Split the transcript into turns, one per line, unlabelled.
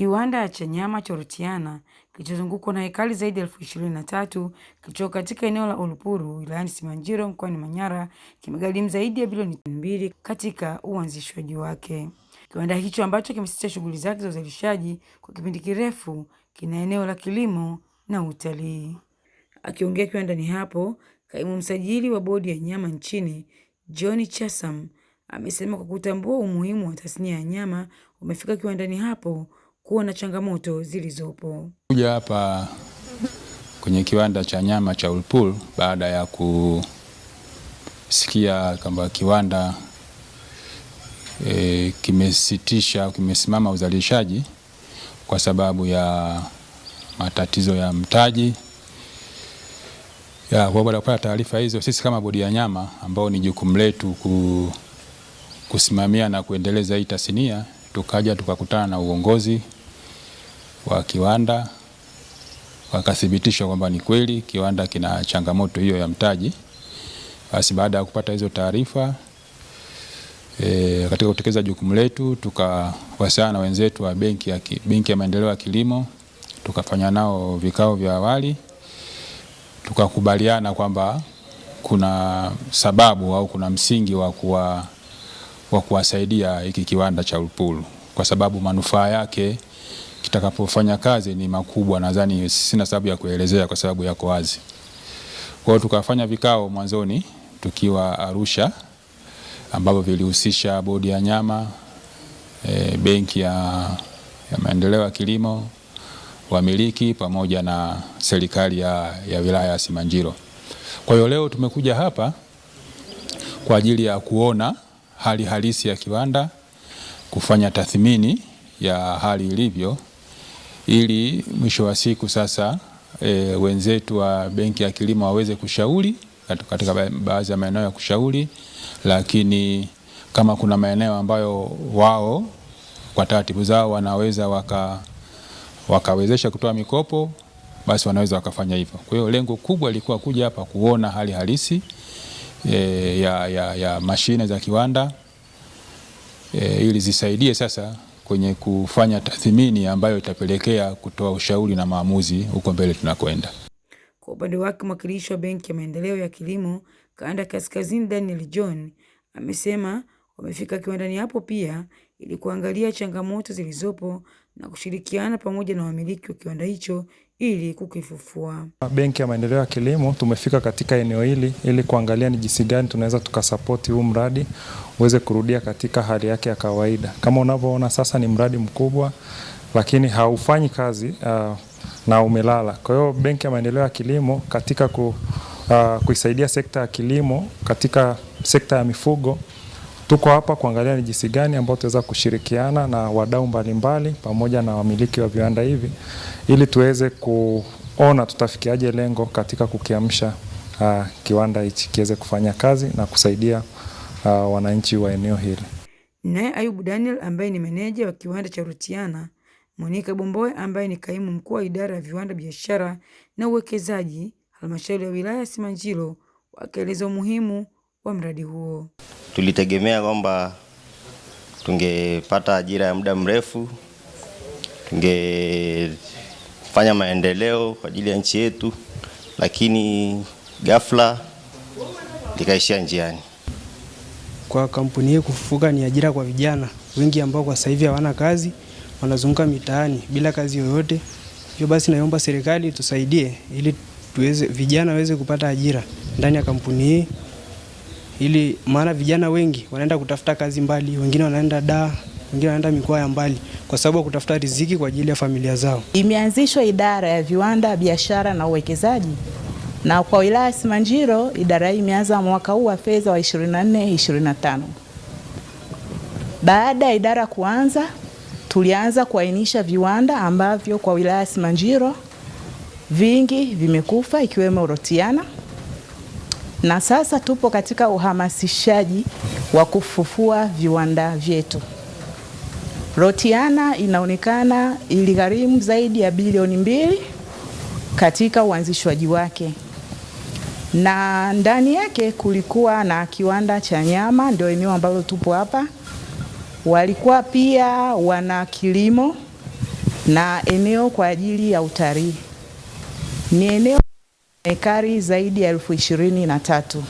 Kiwanda cha nyama cha Otiana kilichozungukwa na hekari zaidi ya elfu ishirini na tatu kilicho katika eneo la Ulupuru wilayani Simanjiro mkoani Manyara kimegharimu zaidi ya bilioni mbili katika uanzishwaji wake. Kiwanda hicho ambacho kimesitisha shughuli zake za uzalishaji kwa kipindi kirefu kina eneo la kilimo na utalii. Akiongea kiwandani hapo, kaimu msajili wa bodi ya nyama nchini John Chasam amesema kwa kutambua umuhimu wa tasnia ya nyama umefika kiwandani hapo kuona changamoto zilizopo.
Kuja hapa kwenye kiwanda cha nyama cha Ulpul baada ya kusikia kwamba kiwanda e, kimesitisha kimesimama uzalishaji kwa sababu ya matatizo ya mtaji ya, kwa baada ya kupata taarifa hizo, sisi kama bodi ya nyama ambao ni jukumu letu kusimamia na kuendeleza hii tasnia, tukaja tukakutana na uongozi wa kiwanda wakathibitishwa kwamba ni kweli kiwanda kina changamoto hiyo ya mtaji. Basi baada ya kupata hizo taarifa e, katika kutekeleza jukumu letu tukawasiliana na wenzetu wa benki ya, benki ya maendeleo ya kilimo tukafanya nao vikao vya awali tukakubaliana kwamba kuna sababu au kuna msingi wa kuwa wa kuwasaidia hiki kiwanda cha Ulupuru kwa sababu manufaa yake kitakapofanya kazi ni makubwa, nadhani sina sababu ya kuelezea kwa sababu yako wazi. Kwa hiyo tukafanya vikao mwanzoni tukiwa Arusha ambavyo vilihusisha bodi ya nyama e, benki ya, ya maendeleo ya kilimo wamiliki pamoja na serikali ya, ya wilaya ya Simanjiro. Kwa hiyo leo tumekuja hapa kwa ajili ya kuona hali halisi ya kiwanda, kufanya tathmini ya hali ilivyo ili mwisho wa siku sasa e, wenzetu wa benki ya kilimo waweze kushauri katika baadhi ya maeneo ya kushauri, lakini kama kuna maeneo ambayo wao kwa taratibu zao wanaweza waka, wakawezesha kutoa mikopo basi wanaweza wakafanya hivyo. Kwa hiyo lengo kubwa lilikuwa kuja hapa kuona hali halisi e, ya, ya, ya mashine za kiwanda e, ili zisaidie sasa kwenye kufanya tathmini ambayo itapelekea kutoa ushauri na maamuzi huko mbele tunakwenda.
Kwa upande wake mwakilishi wa Benki ya Maendeleo ya Kilimo Kanda Kaskazini, Daniel John amesema wamefika kiwandani hapo pia ili kuangalia changamoto zilizopo na kushirikiana pamoja na wamiliki wa kiwanda hicho ili kukifufua.
Benki ya Maendeleo ya Kilimo tumefika katika eneo hili ili kuangalia ni jinsi gani tunaweza tukasapoti huu mradi uweze kurudia katika hali yake ya kawaida. Kama unavyoona sasa, ni mradi mkubwa lakini haufanyi kazi uh, na umelala. Kwa hiyo Benki ya Maendeleo ya Kilimo katika ku, uh, kuisaidia sekta ya kilimo katika sekta ya mifugo Tuko hapa kuangalia ni jinsi gani ambao tutaweza kushirikiana na wadau mbalimbali pamoja na wamiliki wa viwanda hivi ili tuweze kuona tutafikiaje lengo katika kukiamsha uh, kiwanda hichi kiweze kufanya kazi na kusaidia uh, wananchi wa eneo hili.
Naye Ayubu Daniel ambaye ni meneja wa kiwanda cha Rutiana, Monika Bomboe ambaye ni kaimu mkuu wa idara ya viwanda, biashara na uwekezaji halmashauri ya wilaya ya Simanjiro, wakaeleza umuhimu wa mradi huo.
Tulitegemea kwamba tungepata ajira ya muda mrefu, tungefanya maendeleo kwa ajili ya nchi yetu, lakini ghafla likaishia njiani.
Kwa kampuni hii kufufuka ni ajira kwa vijana wengi ambao kwa sasa hivi hawana kazi, wanazunguka mitaani bila kazi yoyote. Hivyo basi, naomba serikali tusaidie ili tuweze vijana waweze kupata ajira ndani ya kampuni hii ili maana vijana wengi wanaenda kutafuta kazi mbali, wengine wanaenda da, wengine wanaenda mikoa ya mbali kwa sababu ya kutafuta riziki kwa ajili ya familia zao.
Imeanzishwa idara ya viwanda, biashara na uwekezaji na kwa wilaya ya Simanjiro idara hii imeanza mwaka huu wa fedha wa 24 25. Baada ya idara kuanza, tulianza kuainisha viwanda ambavyo kwa wilaya ya Simanjiro vingi vimekufa ikiwemo Rotiana na sasa tupo katika uhamasishaji wa kufufua viwanda vyetu. Rotiana inaonekana iligharimu zaidi ya bilioni mbili katika uanzishwaji wake, na ndani yake kulikuwa na kiwanda cha nyama, ndio eneo ambalo tupo hapa. Walikuwa pia wana kilimo na eneo kwa ajili ya utalii, ni eneo ekari zaidi ya elfu ishirini na tatu.